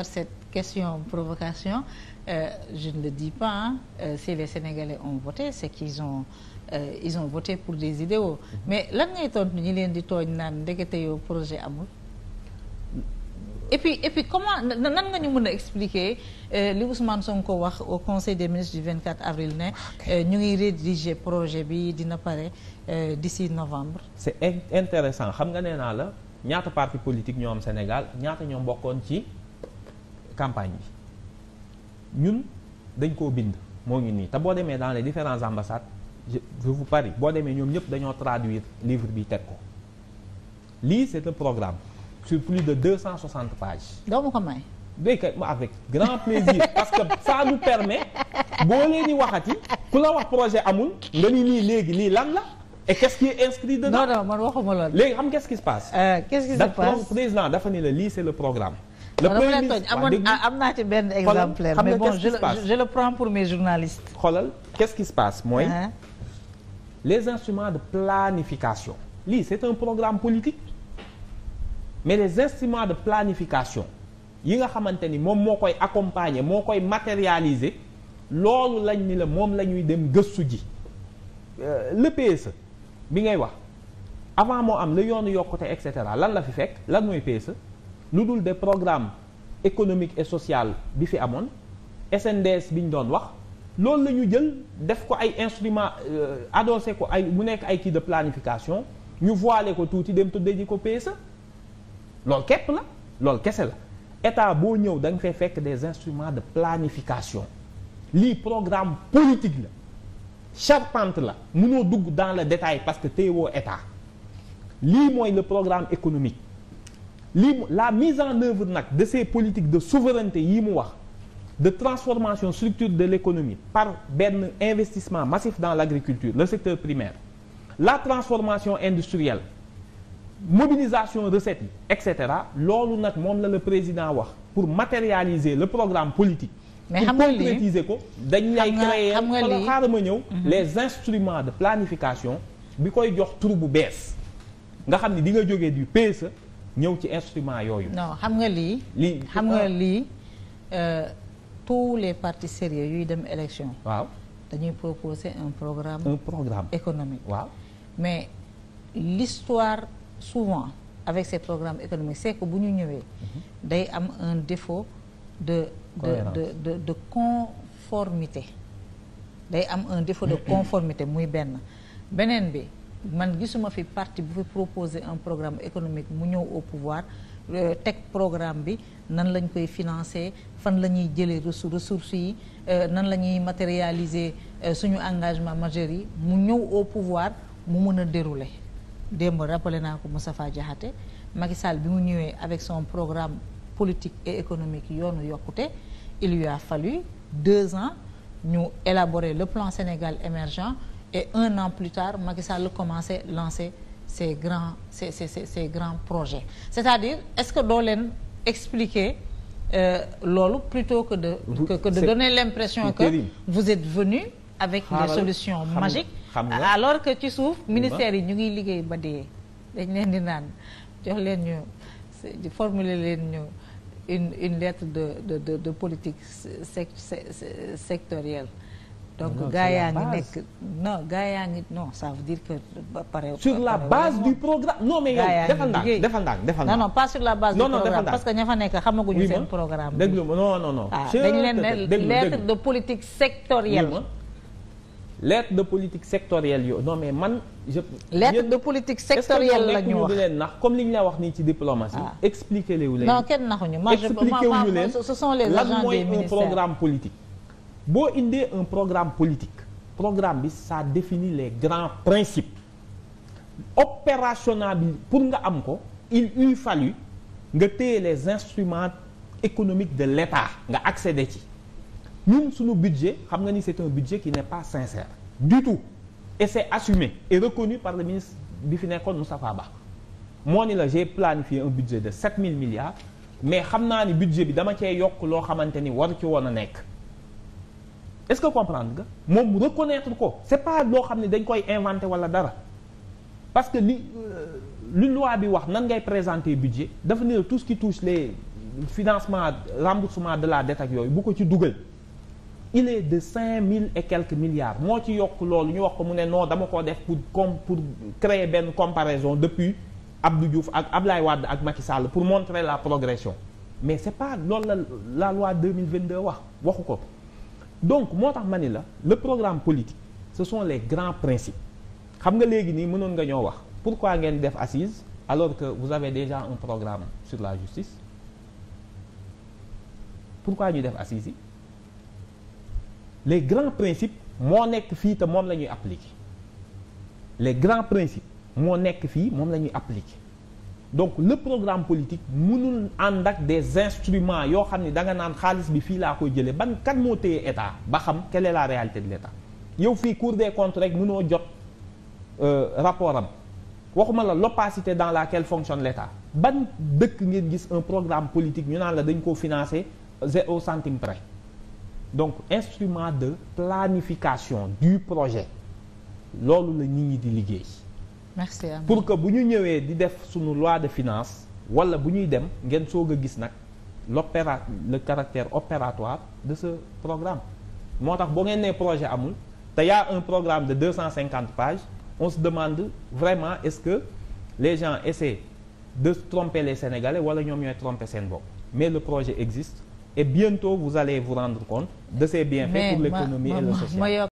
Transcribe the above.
par cette question provocation euh, je le dis pas hein, euh, si les Sénégalais on voté c'est qu'ils ont euh, ils ont voté pour des idéaux mhm. mais lan ngay tontu ñi leen di tooñ naan ndekete yow projet amul et puis et puis comment nan nga ñu mën a expliquer euh, li Ousmane Sonko wax au conseil des ministres du 24 avril ne euh, ñu ngi rédiger projet bi dina pare d'ici novembre c'est intéressant xam nga nee naa la ñaata parti politique ñoo am Sénégal ñaata ñoo bokkoon ci campagne bi ñun dañ koo bind moo ngi nii te boo demee dans les différentes ambassades je vous parie boo demee ñoom ñëpp dañoo traduire livre bi teg ko lii c'est un programme sur plus de 260 pages. doo ma ko may. béykat ma avec grand plaisir parce que ça nous permet boo leen di waxati ku la wax projet amul nga ni nii léegi lii lan la et qu'est-ce qui est inscrit dedans. man waxuma loolu. léegi xam quest euh, dafa ni la lii c'est le programme. le premier ministre ah, am naa ci benn exemple. xam mais bon je le je le prends pour mes journalistes. xoolal que ce qui se passe mooy. Uh-huh. les instruments de planification. lii c'est un programme politique mais les instruments de planification yi nga xamante ni moom moo koy accompagner moo koy matérialiser loolu lañ ni la moom la ñuy dem gëstu ji. Euh, le PSE bi ngay wax avant moo am la yoonu yokkute et cetera lan la fi fekk lan mooy ps e? lu dul des programme économiques et social bi fi amoon SNDS bi ñu doon wax loolu la ñu jël def ko ay instruments euh, adossé ko ay mu nekk ay kii de planification ñu voile ko tuuti dem tëddee ji ko PSE loolu képp la loolu kese la état boo ñëw da nga fekk des instruments de planification lii programme politique la charpente la mënoo dugg dans le détail parce que téewoo état lii mooy le programme économique lii la mise en œuvre nag de ces politiques de souveraineté yi mu wax de transformation structure de l'économie par benn investissement massif dans l'agriculture le secteur primaire la transformation industrielle mobilisation recettes yi et cetera loolu nag moom la la président wax pour matérialiser le programme politique mais xam nga ko dañ lay créer wala xaaral ma ñëw mhm. les instruments de planification bi koy jox tur bu bees nga xam ni di nga jógee du PSE ñëw ci instrument yooyu. non xam nga lii. lii xam nga ah. lii euh, tous les partis sérieux yuy dem élection. waaw dañuy proposer un programme. programme économique. waaw mais l'histoire souvent avec ces programmes économiques c'est que bu ñu ñëwee. Mhm. day am un défaut de de de de de conformité. day am un défaut de conformité muy benn beneen bi. man gisuma fi parti bu fi proposer un programme économique mu ñëw au pouvoir euh, teg programme bi nan lañ koy financer fan la ñuy jëlee ressources yi euh, nan la ñuy matérialiser euh, suñu engagement majeur yi mu ñëw au pouvoir mu mën a dérouler démb rappelé naa ko Moustapha Diakhaté Macky Sall bi mu ñëwee avec son programme politique et économique yoonu yokkute il lui a fallu deux ans ñu élaborer le plan Sénégal émergent et un an plus tard Macky Sall commencé lancer ses grands ses ses ses, ses grands projets c'est-à-dire est-ce que doo leen expliquer euh, loolu plutôt que de que, que de donner l'impression que vous êtes venu avec des solutions magiques alors que ci suuf ministère yi ñu ngi liggéey ba dee dañ leen di naan jox leen ñu formuler leen ñu une une lettre de de de, de politique sectorielle donc gaa yaa ngi nekk non gaa yaa ngi no ça veut que pare. sur la base du programme non mais yow defal naa defal naa defal naa non non pas sur la base. du programme parce que ña fa nekk xamaguñu seen programme. déglu ah, leen ne de politique sectorielle. yo non man. je lettre de politique sectorielle ñu wax est ce leen nax comme li ñu la wax nii ci diplomatie. Ah. expliquez leen wu leen. non kenn naxuñu. expliquez wu ñu leen ce les agents des ministères lan programme politique. boo indee un programme politique programme bi ça définit les grands principes opérationnel bi pour nga am ko il eût fallu nga téye les instruments économiques de l'État nga accéder ci ñun suñu budget xam nga ni c'est un budget qui n'est pas sincère du tout et c'est assumé et reconnu par le ministre bi fi nekkoon Moustapha Ba moo ni la j'ai planifié un budget de 7000 milliards mais xam naa ni budget bi dama cee yokk loo xamante ni war ci woon a nekk est-ce que comprendre nga moom reconnaître ko c'est pas loo xam ne dañ koy inventer walla dara parce que li euh, lu loi bi wax nan ngay présenter budget dafa ne tout ce qui touche les financement remboursement de la dette ak yooyu bu ko ci dugal il est de cinq mille et quelques milliards moo ci yokk loolu ñu wax ko mu ne noo dama ko def pour comme pour créer benn comparaison depuis Abdou juuf ak lay Wade ak Macky Sall pour montrer la progression mais c'est pas loolu la la loi 2022 wax waxu ko donc moo tax ma ni la le programme politique ce sont les grands principes xam nga léegi nii mënoon nga ñoo wax pourquoi ngeen def assise alors que vous avez déjà un programme sur la justice pourquoi ñu def assise yi les grands principes moo nekk fii te moom la ñuy appliquer les grands principes moo nekk fii moom la ñuy appliquer donc le programme politique mënul ànd ak des instruments yoo xam ni danga naan xaalis bi fii laa koy jëlee ban kan moo téye état ba xam quelle est la réalité de l' yow fii cour des comptes rek mënoo jot euh, rapport am waxuma la l'opacité dans laquelle fonctionne l' état ban dëkk ngeen gis un programme politique ñu naan la dañ ko financer zéro centime près donc instrument de planification du projet loolu la nit ñi di liggéey merci pour que bu ñu ñëwee di def suñu loi de finance wala bu ñuy dem ngeen soog a gis nag l'opéra le caractère opératoire de ce programme moo tax boo ngeen nee projet amul te y un programme de deux cent cinquante pages on se demande vraiment est-ce que les gens essaient de tromper les Sénégalais wala ñoom ñooy tromper seen bopp mais le projet existe et bientôt vous allez vous rendre compte de ses bienfaits pour l'économie et le social